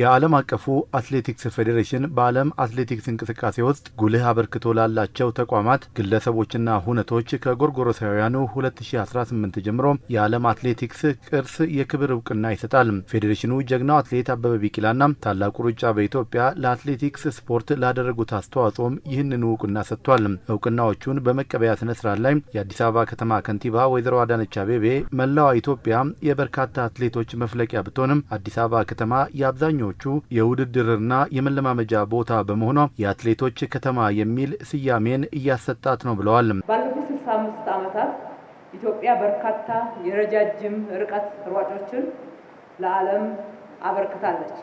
የዓለም አቀፉ አትሌቲክስ ፌዴሬሽን በዓለም አትሌቲክስ እንቅስቃሴ ውስጥ ጉልህ አበርክቶ ላላቸው ተቋማት፣ ግለሰቦችና ሁነቶች ከጎርጎሮሳውያኑ 2018 ጀምሮ የዓለም አትሌቲክስ ቅርስ የክብር እውቅና ይሰጣል። ፌዴሬሽኑ ጀግናው አትሌት አበበ ቢቂላና ታላቁ ሩጫ በኢትዮጵያ ለአትሌቲክስ ስፖርት ላደረጉት አስተዋጽኦም ይህንን እውቅና ሰጥቷል። እውቅናዎቹን በመቀበያ ስነ ስርዓት ላይ የአዲስ አበባ ከተማ ከንቲባ ወይዘሮ አዳነች አቤቤ መላዋ ኢትዮጵያ የበርካታ አትሌቶች መፍለቂያ ብትሆንም አዲስ አበባ ከተማ የአብዛኛው ለተሿሚዎቹ የውድድርና የመለማመጃ ቦታ በመሆኗ የአትሌቶች ከተማ የሚል ስያሜን እያሰጣት ነው ብለዋል። ባለፉት 65 ዓመታት ኢትዮጵያ በርካታ የረጃጅም ርቀት ሯጮችን ለዓለም አበርክታለች።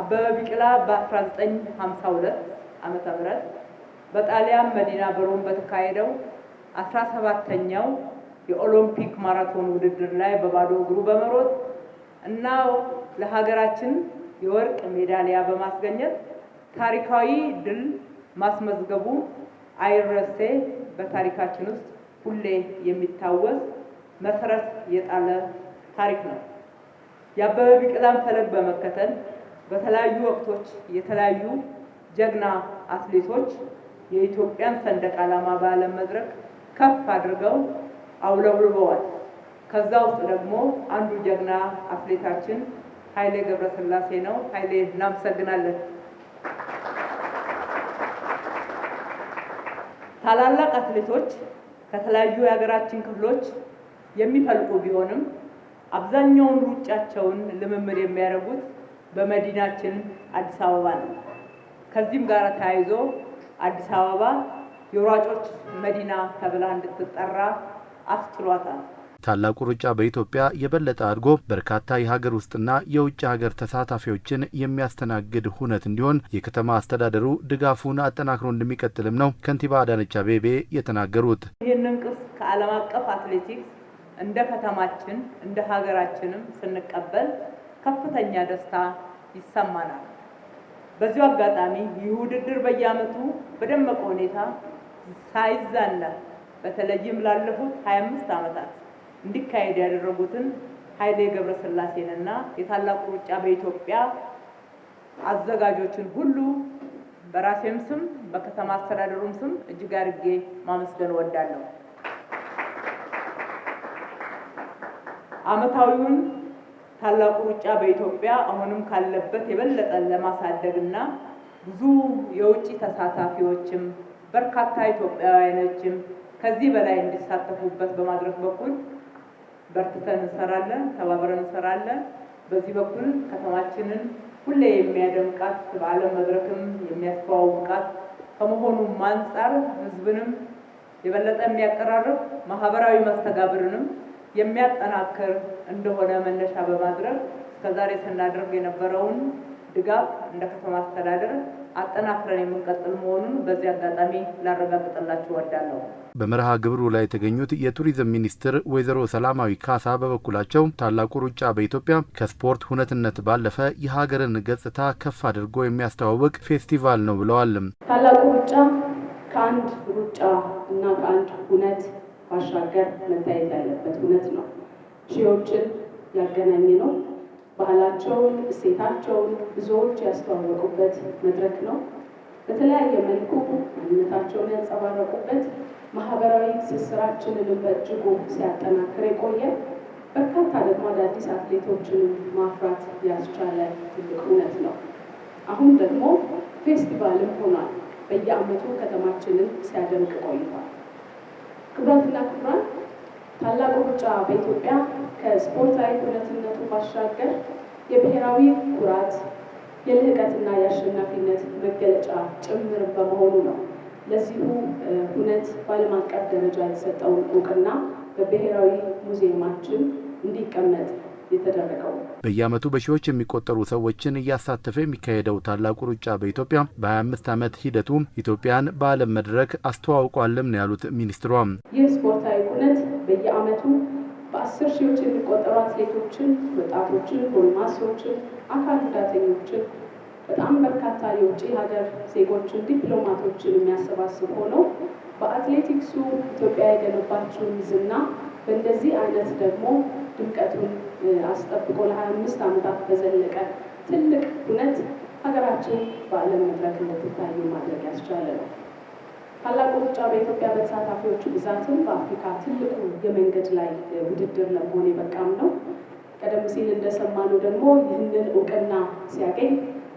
አበበ ቢቂላ በ1952 ዓመተ ምህረት በጣሊያን መዲና በሮም በተካሄደው 17 ተኛው የኦሎምፒክ ማራቶን ውድድር ላይ በባዶ እግሩ በመሮጥ እና ለሀገራችን የወርቅ ሜዳሊያ በማስገኘት ታሪካዊ ድል ማስመዝገቡ አይረሴ በታሪካችን ውስጥ ሁሌ የሚታወስ መሰረት የጣለ ታሪክ ነው። የአበበ ቢቂላን ፈለግ በመከተል በተለያዩ ወቅቶች የተለያዩ ጀግና አትሌቶች የኢትዮጵያን ሰንደቅ ዓላማ በዓለም መድረክ ከፍ አድርገው አውለብልበዋል። ከዛ ውስጥ ደግሞ አንዱ ጀግና አትሌታችን ኃይሌ ገብረስላሴ ነው። ኃይሌ እናመሰግናለን። ታላላቅ አትሌቶች ከተለያዩ የሀገራችን ክፍሎች የሚፈልቁ ቢሆንም አብዛኛውን ሩጫቸውን ልምምድ የሚያደርጉት በመዲናችን አዲስ አበባ ነው። ከዚህም ጋር ተያይዞ አዲስ አበባ የሯጮች መዲና ተብላ እንድትጠራ አስችሏታል። ታላቁ ሩጫ በኢትዮጵያ የበለጠ አድጎ በርካታ የሀገር ውስጥና የውጭ ሀገር ተሳታፊዎችን የሚያስተናግድ ሁነት እንዲሆን የከተማ አስተዳደሩ ድጋፉን አጠናክሮ እንደሚቀጥልም ነው ከንቲባ አዳነች አቤቤ የተናገሩት። ይህንን ቅርስ ከዓለም አቀፍ አትሌቲክስ እንደ ከተማችን እንደ ሀገራችንም ስንቀበል ከፍተኛ ደስታ ይሰማናል። በዚሁ አጋጣሚ ይህ ውድድር በየዓመቱ በደመቀ ሁኔታ ሳይዛና በተለይም ላለፉት 25 ዓመታት እንዲካሄድ ያደረጉትን ኃይሌ ገብረስላሴንና የታላቁ ሩጫ በኢትዮጵያ አዘጋጆችን ሁሉ በራሴም ስም በከተማ አስተዳደሩም ስም እጅግ አድርጌ ማመስገን እወዳለሁ። ዓመታዊውን ታላቁ ሩጫ በኢትዮጵያ አሁንም ካለበት የበለጠ ለማሳደግና ብዙ የውጭ ተሳታፊዎችም በርካታ ኢትዮጵያውያኖችም ከዚህ በላይ እንዲሳተፉበት በማድረግ በኩል በርትተን እንሰራለን፣ ተባብረን እንሰራለን። በዚህ በኩል ከተማችንን ሁሌ የሚያደምቃት በዓለም መድረክም የሚያስተዋውቃት ከመሆኑም አንጻር ህዝብንም የበለጠ የሚያቀራርብ ማህበራዊ መስተጋብርንም የሚያጠናክር እንደሆነ መነሻ በማድረግ እስከዛሬ ስናደርግ የነበረውን ድጋፍ እንደ ከተማ አስተዳደር አጠናክረን የምንቀጥል መሆኑን በዚህ አጋጣሚ ላረጋግጥላችሁ እወዳለሁ። በመርሃ ግብሩ ላይ የተገኙት የቱሪዝም ሚኒስትር ወይዘሮ ሰላማዊ ካሳ በበኩላቸው ታላቁ ሩጫ በኢትዮጵያ ከስፖርት ሁነትነት ባለፈ የሀገርን ገጽታ ከፍ አድርጎ የሚያስተዋውቅ ፌስቲቫል ነው ብለዋል። ታላቁ ሩጫ ከአንድ ሩጫ እና ከአንድ ሁነት ባሻገር መታየት ያለበት እውነት ነው። ሺዎችን ያገናኝ ነው። ባህላቸውን፣ እሴታቸውን ብዙዎች ያስተዋወቁበት መድረክ ነው። በተለያየ መልኩ ማንነታቸውን ያንጸባረቁበት፣ ማህበራዊ ትስስራችንን በእጅጉ ሲያጠናክር የቆየ በርካታ ደግሞ አዳዲስ አትሌቶችን ማፍራት ያስቻለ ትልቅ እውነት ነው። አሁን ደግሞ ፌስቲቫልም ሆኗል። በየዓመቱ ከተማችንን ሲያደምቅ ቆይቷል። ክብራትና ክቡራን ታላቁ ሩጫ በኢትዮጵያ ከስፖርታዊ ኩነትነቱ ባሻገር የብሔራዊ ኩራት የልህቀትና የአሸናፊነት መገለጫ ጭምር በመሆኑ ነው። ለዚሁ እውነት በዓለም አቀፍ ደረጃ የተሰጠውን እውቅና በብሔራዊ ሙዚየማችን እንዲቀመጥ የተደረገው። በሺዎች የሚቆጠሩ ሰዎችን እያሳተፈ የሚካሄደው ታላቁ ሩጫ በኢትዮጵያ በ25 ዓመት ሂደቱ ኢትዮጵያን በዓለም መድረክ አስተዋውቋልም ነው ያሉት ሚኒስትሯ። ይህ ስፖርታዊ ኩነት በየዓመቱ በአስር ሺዎች የሚቆጠሩ አትሌቶችን፣ ወጣቶችን፣ ጎልማሶችን፣ አካል ጉዳተኞችን በጣም በርካታ የውጭ ሀገር ዜጎችን፣ ዲፕሎማቶችን የሚያሰባስብ ሆኖ በአትሌቲክሱ ኢትዮጵያ የገነባችውን ዝና በእንደዚህ አይነት ደግሞ ድምቀቱን አስጠብቆ ለ አምስት ዓመታት በዘለቀ ትልቅ ሁነት ሀገራችን በዓለም መድረክ እንድትታይ ማድረግ ያስቻለ ነው። ታላቁ ሩጫ በኢትዮጵያ በተሳታፊዎቹ ብዛትም በአፍሪካ ትልቁ የመንገድ ላይ ውድድር ለመሆን የበቃም ነው። ቀደም ሲል እንደሰማነው ደግሞ ይህንን እውቅና ሲያገኝ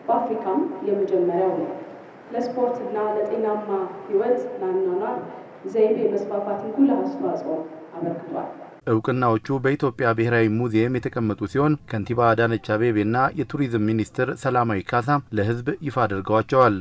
በአፍሪካም የመጀመሪያው ነው። ለስፖርትና ለጤናማ ህይወት ናኗኗር ዘይቤ መስፋፋትን ጉልህ አስተዋጽኦ አበርክቷል። እውቅናዎቹ በኢትዮጵያ ብሔራዊ ሙዚየም የተቀመጡ ሲሆን ከንቲባ አዳነች አቤቤና የቱሪዝም ሚኒስትር ሰላማዊ ካሳ ለህዝብ ይፋ አድርገዋቸዋል።